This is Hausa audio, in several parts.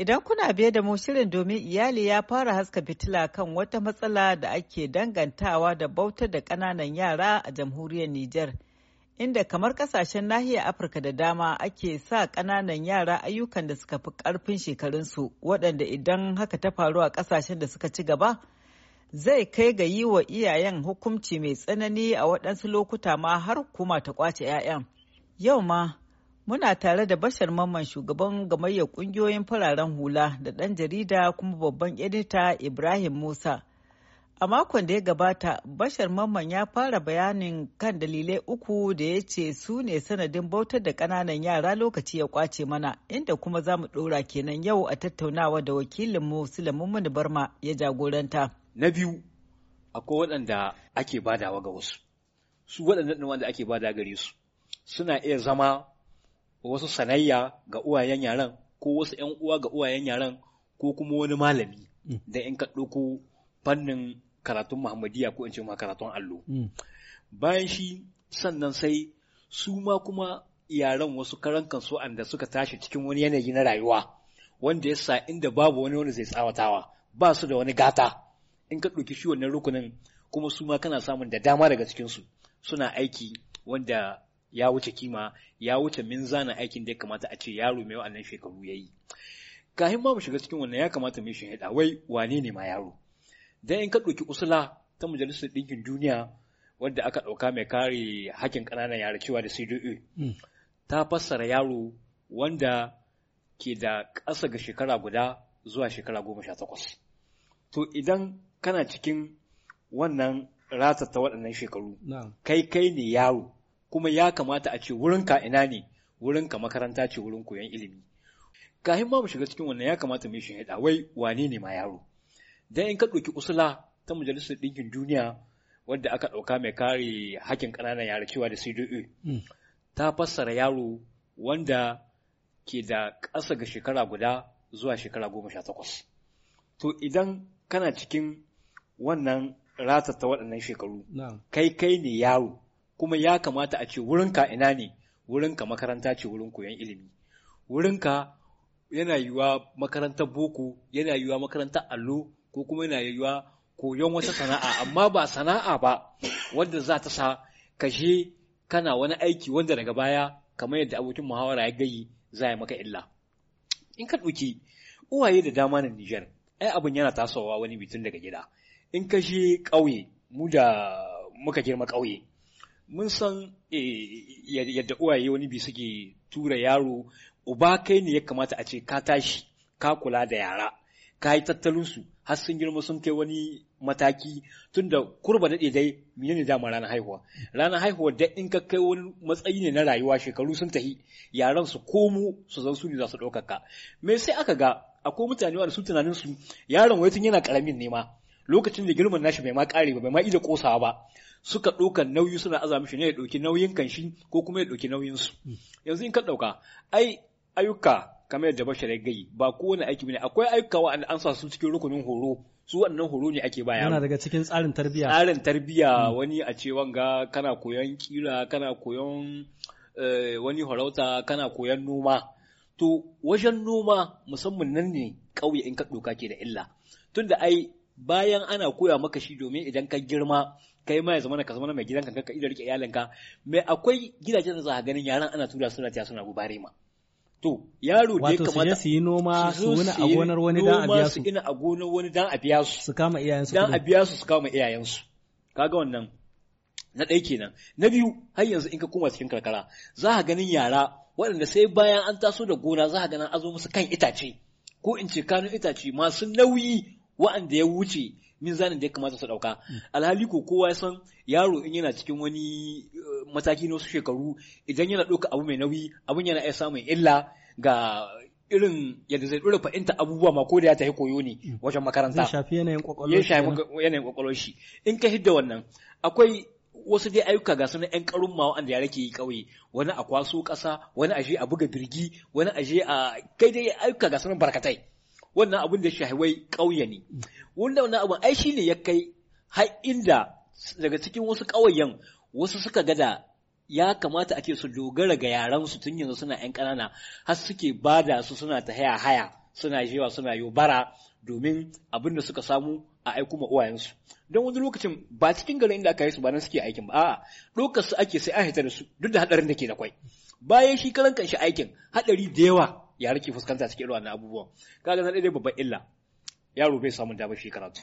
Idan kuna biye da mu shirin domin iyali ya fara haska fitila kan wata matsala da ake dangantawa da bautar da ƙananan yara a jamhuriyar Nijar. Inda kamar kasashen nahiyar Afirka da dama ake sa ƙananan yara ayyukan da suka fi ƙarfin shekarunsu waɗanda idan haka ta faru a ƙasashen da suka ci gaba zai kai ga yi wa iyayen hukunci mai tsanani a waɗansu lokuta ma har kuma ta ƙwace 'ya'yan. Yau ma Muna tare da Bashar Mamman shugaban gamayyar kungiyoyin fararen hula da ɗan jarida kuma babban edita Ibrahim Musa. A makon da ya gabata, Bashar Mamman ya fara bayanin kan dalilai uku da ya ce su ne sanadin bautar da ƙananan yara lokaci ya kwace mana, inda kuma za mu ɗora kenan yau a tattaunawa da wakilinmu Sulaimun Barma ya jagoranta. Na biyu, akwai waɗanda ake badawa ga wasu. Su waɗannan wanda ake bada gare su suna iya zama wasu sanayya ga uwayen yaran ko wasu 'yan uwa ga uwayen yaran ko kuma wani malami mm. da in ka ɗauko fannin karatun Muhammadiyya ko in ce ma karatun allo. Mm. Bayan shi sannan sai su ma kuma yaran wasu karan kansu da suka tashi cikin wani yanayi na rayuwa wanda ya sa inda babu wani wani zai tsawatawa ba su da wani gata in ka ɗauki shi wannan rukunin kuma su ma kana samun da dama daga cikinsu suna aiki wanda ya wuce kima ya wuce min zana aikin da ya kamata a ce yaro mai wa'annan shekaru ya yi kahin ba mu shiga cikin wannan ya kamata mu shahida wai wane ne ma yaro dan in ka ɗauki usula ta majalisar ɗinkin duniya wadda aka ɗauka mai kare hakkin ƙananan yara cewa da CDA mm. ta fassara yaro wanda ke da ƙasa ga shekara guda zuwa shekara goma sha takwas. To idan kana cikin wannan ta waɗannan shekaru, kai kai ne yaro, kuma ya kamata a ce wurin ina ne wurin ka makaranta ce wurin koyon ilimi kafin ma mu shiga cikin wannan ya kamata mu yi shi wai wane ne ma yaro dan in ka ɗauki usula ta majalisar ɗinkin duniya wadda aka ɗauka mai kare hakkin kananan yara cewa da CDA hmm. ta fassara yaro wanda ke da ƙasa ga shekara guda zuwa shekara goma sha takwas. To idan kana cikin wannan ta waɗannan shekaru, kai kai ne yaro kuma ya kamata a ce wurinka ina ne wurinka makaranta ce wurin koyon ilimi wurinka yana yiwuwa makarantar boko yana yiwuwa makarantar allo ko kuma yana yiwuwa koyon wata sana'a amma ba sana'a ba wanda za ta sa ka je kana wani aiki wanda daga baya kamar yadda abokin muhawara ya gayi za ya maka illa in ka ɗauki uwaye da dama na Nijar ai abin yana tasowa wani bitin daga gida in ka je ƙauye mu da muka girma ƙauye mun san eh, yadda uwaye wani bi suke tura yaro uba kai ne ya kamata a ce ka tashi ka kula da yara ka yi tattalinsu har sun girma sun kai wani mataki tunda kurba daɗe dai mene ne dama ranar haihuwa ranar haihuwa da in ka kai wani matsayi ne na rayuwa shekaru sun tahi yaran su komo su zan su ne za su ɗaukaka me sai aka ga akwai mutane wanda su tunanin su yaron wai tun yana karamin ne ma lokacin da girman nashi bai ma kare ba bai ma ida kosawa ba suka ɗaukan nauyi suna aza mishi ne ya ɗauki nauyin kanshi ko kuma ya ɗauki nauyin su yanzu in ka ɗauka ai ayyuka kamar yadda bashar ya gayi ba kowane aiki ne akwai ayyuka wa'anda an sa su cikin rukunin horo su wannan horo ne ake baya. Yana daga cikin tsarin tarbiyya. Tsarin tarbiyya hmm. wani a ce wanga kana koyon kira kana koyon eh, wani horauta kana koyon noma. To wajen noma musamman nan ne ƙauye in ka ɗauka ke da illa. Tunda ai bayan ana koya maka shi domin idan ka girma kai ma ya zama ka zama mai gidanka kanka idan rike iyalinka me akwai gidajen da za ka ganin yaran ana tura suna tiya suna gubare ma to yaro da ya kamata su yi noma su wani a gonar wani dan a biya su ina a gonar wani dan a biya su su kama iyayen su dan a biya su su kama iyayen su kaga wannan na ɗaya kenan na biyu har yanzu in ka koma cikin karkara za ka ganin yara waɗanda sai bayan an taso da gona za ka ganin azo musu kan itace ko in ce kanun itace masu nauyi wa'anda ya wuce zanen da ya kamata su dauka alhali ko kowa ya san yaro in yana cikin wani eh, mataki na wasu shekaru idan yana ɗauka abu mai nauyi abun yana iya samun illa ga irin yadda zai dora fa'inta abubuwa ma ko da ya tafi koyo ne wajen makaranta ya shafi yanayin kwakwalwar shi in ka hidda wannan akwai wasu dai ayyuka ga sunan yan karun ma wanda ya ke yi kauye wani a kwaso kasa wani a je a buga birgi wani a je a kai dai ayyuka ga sunan barkatai wannan abin da shahwai ƙauye ne Wannan wannan abin ai shine ya kai har inda daga cikin wasu ƙauyen wasu suka gada ya kamata ake su dogara ga yaran su tun yanzu suna ƴan ƙanana har suke bada su suna ta haya haya suna jewa suna yo bara domin abin da suka samu a aiku ma uwayensu don wani lokacin ba cikin garin inda aka yi su ba nan suke aikin ba a'a ɗaukar su ake sai an hita da su duk da haɗarin da ke da kwai bayan shi karan kanshi aikin haɗari da yawa ya rike fuskanta cikin irin wannan abubuwan kaga na dai babban illa yaro bai samu damar shi karatu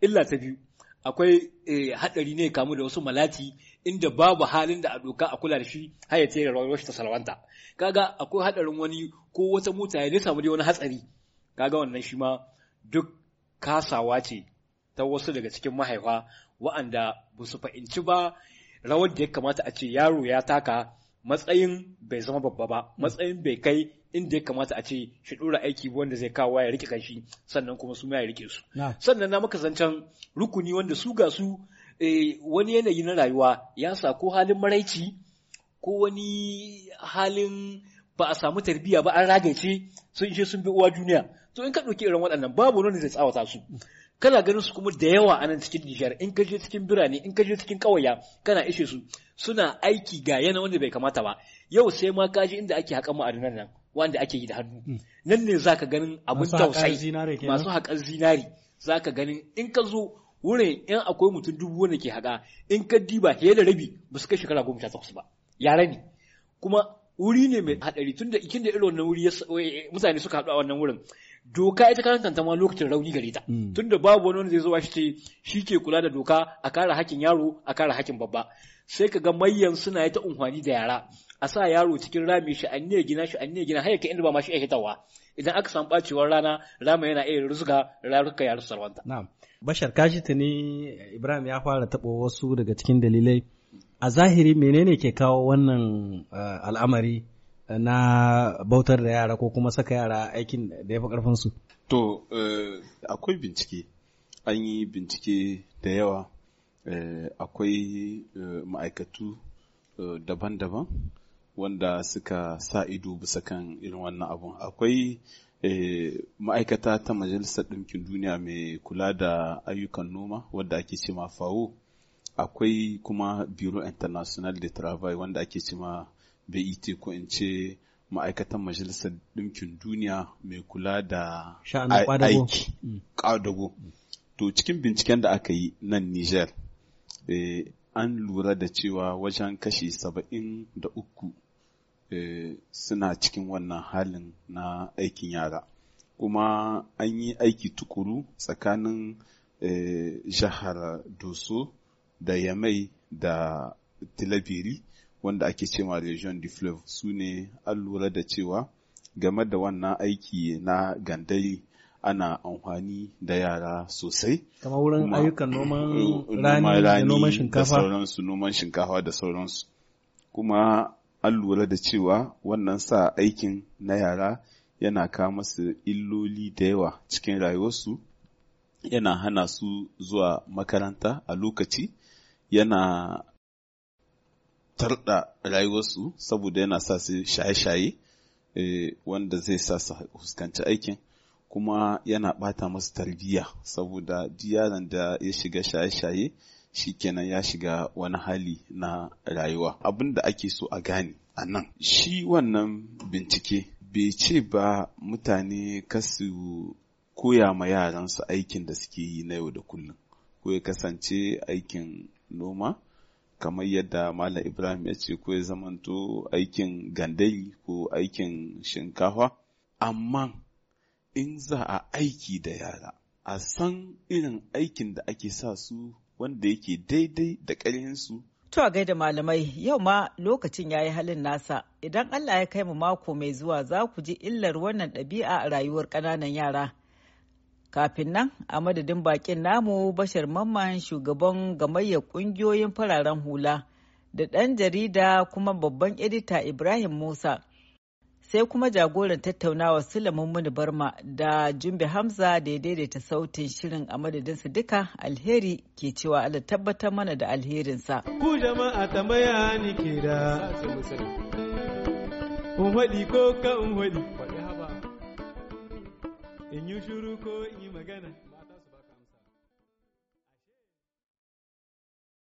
illa ta biyu akwai eh, hadari ne kamu da wasu malati inda babu halin da a doka a kula da shi har ya tere rawar ta salwanta kaga akwai hadarin wani ko wata mota ya samu dai wani hatsari kaga wannan shi ma duk kasawa ce ta wasu daga cikin mahaifa wa'anda ba su fahimci ba rawar da ya kamata a ce yaro ya taka matsayin bai zama babba ba hmm. matsayin bai kai inda ya kamata a ce shi dora aiki wanda zai kawo ya rike kanshi sannan kuma su ma ya rike su sannan na maka zancen rukuni wanda su ga su eh, wani yanayi na rayuwa ya sa ko halin maraici ko wani halin ba a samu tarbiyya ba an ragace sun ishe sun bi uwa duniya to in ka ɗauki irin waɗannan babu wani da tsawata su kana ganin su kuma da yawa anan cikin Nijar in ka je cikin birane in ka je cikin ƙawaya kana ishe su suna aiki ga yana wanda bai kamata ba yau sai ma ka inda ake haƙan ma'adanan nan wanda ake yi da hannu hmm. nan ne za ka ganin abin tausayi masu haƙar zinari za ka ganin in ka zo wurin in akwai mutum dubu wanda ke haƙa in ka diba fiye da rabi ba su kai shekara goma sha takwas ba yare ne kuma wuri ne mai hadari tunda ikin da irin wannan wuri mutane suka haɗu a wannan wurin doka ita karanta kanta ma lokacin rauni gare ta hmm. tunda babu wani wanda zai zo shi ce shi ke kula da doka a kare hakkin yaro a kare hakkin babba sai ka ga mayyan suna yi ta unhwani da yara a sa yaro cikin rami shi an ne gina shi an ne gina har inda ba ma shi ya hitawa idan aka san bacewar rana rama yana iya rusuka rarruka yaro sarwanta na'am bashar kashi ne ibrahim ya fara taɓo wasu daga cikin dalilai a zahiri menene ke kawo wannan eh, al'amari na bautar da yara ko kuma saka yara aikin da ya fi ƙarfinsu? To, eh, akwai bincike, an yi bincike da yawa, eh, akwai ma'aikatu daban-daban wanda suka sa ido bisa kan irin wannan abun. Akwai ma'aikata ta Majalisar Ɗinkin Duniya mai kula da ayyukan noma wadda ake ce fawo. akwai kuma Bureau International de Travail wanda ake cima BIT e ko in ce ma'aikatan Majalisar Ɗinkin Duniya mai kula da aiki mm. ƙadago. To cikin binciken da aka yi nan Niger, eh, an lura da cewa wajen kashi saba'in da uku eh, suna cikin wannan halin na aikin yara. Kuma an yi aiki tukuru tsakanin eh, jihar Doso da Yamai da Tilabiri wanda ake cewa Region du Fleuve su ne an lura da cewa game da wannan aiki na gandai ana amfani da yara sosai. Kamar wurin ayyukan noman eh, rani noman shinkafa. Da sauransu noman shinkafa da sauransu. Kuma an lura da cewa wannan sa aikin na yara yana kawo masu illoli da yawa cikin rayuwarsu yana hana su zuwa makaranta a lokaci yana tarda rayuwarsu saboda yana sa su shaye-shaye eh, wanda zai sa su fuskanci aikin kuma yana bata masu tarbiyya saboda yaron da ya shiga shaye-shaye shikenan ya shiga wani hali na rayuwa abin da ake so a gane a nan shi wannan bincike bai ce ba mutane kasu koya ma yaransu aikin da suke yi na yau da kullum ko ya kasance aikin noma kamar yadda Malam Ibrahim ya ce ko ya zamanto aikin gandari ko aikin shinkafa. Amma in za a aiki da yara, a san irin aikin da ake sa su wanda yake daidai da ƙaryansu. To a gaida malamai yau ma lokacin ya yi halin nasa idan Allah ya kai mu mako mai zuwa za ku ji illar wannan ɗabi'a a rayuwar ƙananan yara. Kafin nan a madadin bakin namu bashar mamman shugaban gamayyar kungiyoyin fararen hula da ɗan jarida kuma babban edita Ibrahim Musa. Sai kuma jagoran tattaunawa Sulaiman Muni Barma da Jumbe Hamza da ya daidaita sautin shirin a madadinsa duka alheri ke cewa ala tabbatar mana da alherinsa. Ku jama'a tambaya in yi shuru ko in yi magana